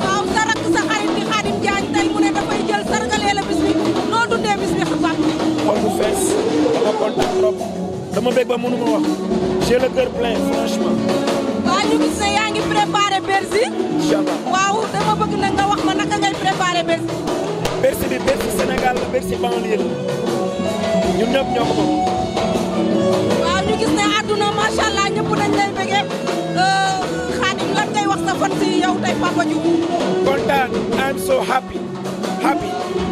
waaw sa rakk sa xarit di Khadim Diagne tey mu ne dafay jël sargalee la bis noo dundee bis bi bi. xol bu fees dama kontaan trop dama bég ba mënu ma wax j'ai le cœur plein franchement. waaw ñu gis ne yaa ngi préparé Bercy. incha waaw dama bëgg nag nga wax ma naka ngay préparé Bercy. Bercy bi Bercy Sénégal la la ñun ñëpp ñoo ko waaw ñu gis ne àdduna macha ñëpp dañ lay bégee. Content. I'm so happy happy.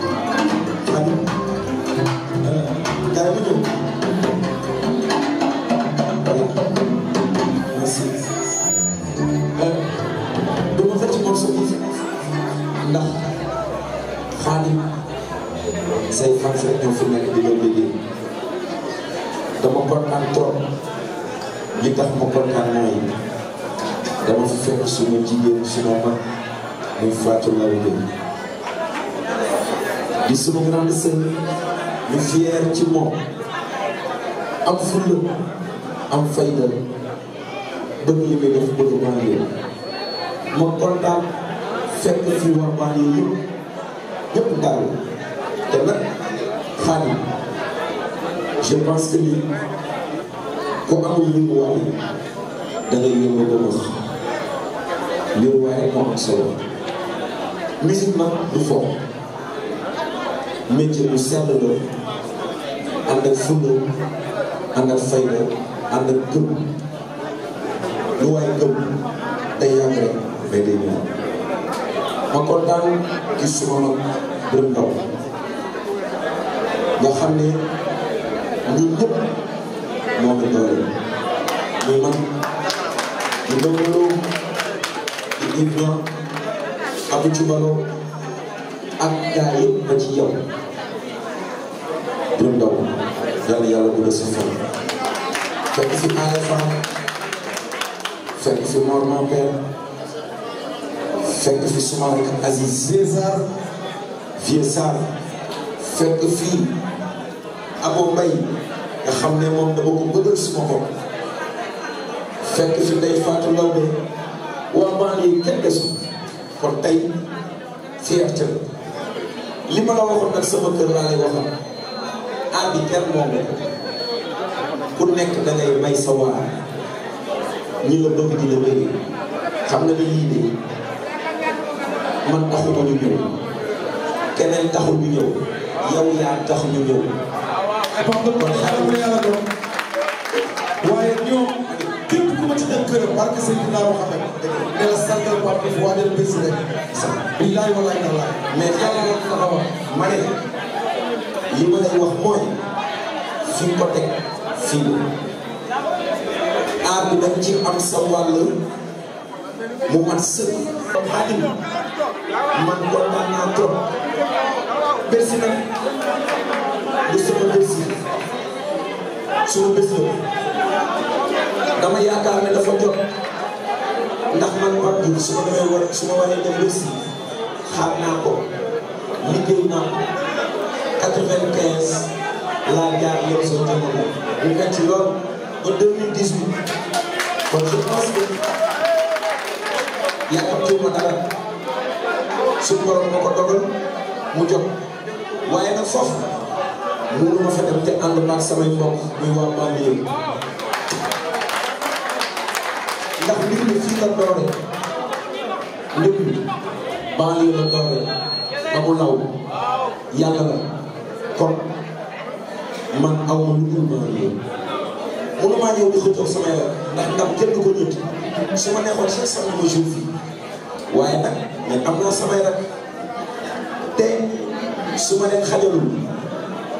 li tax ma kontaan mooy dama fi fekk suma jigéen suma mag muy Fatou Laobé di suma grande sœur ñu fier ci moom am fulla am fayda bëgg li def bëgg banlieue ma kontaan fekk fi waa banlieue yëpp ñëpp daal te nag xaalis je pense ku amul yënguwaay da ngay yëngu ba bëgg yënguwaay rek moo am solo musique nag du fo métier bu sell la ànd ak fulla ànd ak fayda ànd ak gëm lu waay gëm day yàgg rek mais day ñëw ma suma mag Birame Ndao xam ne ñun ñëpp moo ko doole mais man di di Ibrahima Abdou Thioubalo ak gars yi ba ci yow du ndaw yàlla yàlla bu dee sa fan fekk fi Allé Fall fekk fi Mor mon père fekk fi suma rek Aziz César Vieux Sarr fekk fi Abo Mbaye nga xam ne moom dama ko bëggal suma bopp fekk fi day faatu lawbe waa maa ngi kenn desul kon tey fierté la li ma la waxoon nag sama kër laa lay waxoon aar bi kenn moom ku nekk da ngay may sa waar ñi la bëgg di bëgg xam nga ni lii de man taxuma ñu ñëw keneen taxul ñu ñëw yow yaa tax ñu ñëw waaye Pape Ndeye Mbodj xaaral ma yàlla doon waaye ñoom képp ku ma ci dem këram barke Seydina Mohamed ne la sargal Pape Diouf waa del bés rek billaay walaay tallaay mais yàlla la ko wax ma ne li ma lay wax mooy fi ko teg fii aar bi dañ ci am sa wàll mu mat sëkk xaadim man kontaan naa trop merci du sama bés suma bés la dama yaakaar ne dafa jot ndax man Pape Diouf su ma demee war su ma waree dem bés xaar naa ko liggéey naa ko quatre laa jaar yow soo jamono bu metti lool ba deux mille dix ko dogal mu jot waaye nag foofu mënuma fa dem te ànd maag samay mbokk muy waa banlieue ndax mbir fii la doore mbir mi mu law yàlla la kon ma lu dul banlieue mënumaa ñëw di xëccoog samay la ndax ndam kenn du ko ñëtt su ma neexoon chaque semaine ma jour waaye nag mais am naa samay rak te su ma leen xajalul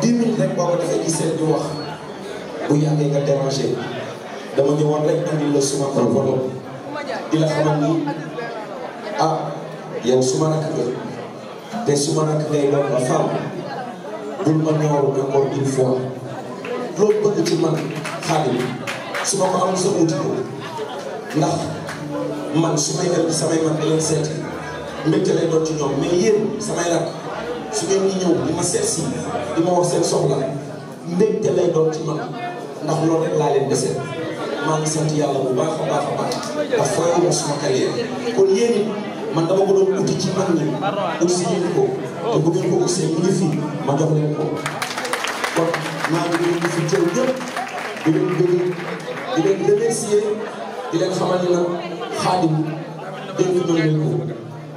dix minutes rek boo ko defee ci seen ñu wax bu yàggee nga déranger dama ñëwoon rek andi la suma problème di la xamal ni ah yow suma rakk nga te suma rakk ngay doon ma femme bul ma ñëwal encore une fois loolu bëgg ci man xaalim su ko amul sa wuti ndax man su dem samay man da leen seeti mbégte lay doon ci ñoom mais yéen samay rakk su ngeen di ñëw di ma set si di ma wax seen soxla mbégte lay doon ci man ndax loolu laa leen dese maa ngi sant yàlla bu baax a baax a baax ndax fooy ma suma carrière kon yéen it man dama ko doon uti ci mag ñi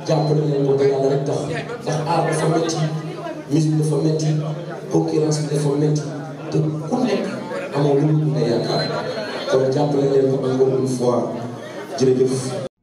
jàppale leen ko ba yàlla rek tax ndax aar dafa métti musique dafa métti concurrence bi dafa métti te ku nekk amoo lu mu ne yaakaar kon jàppale leen ko encore une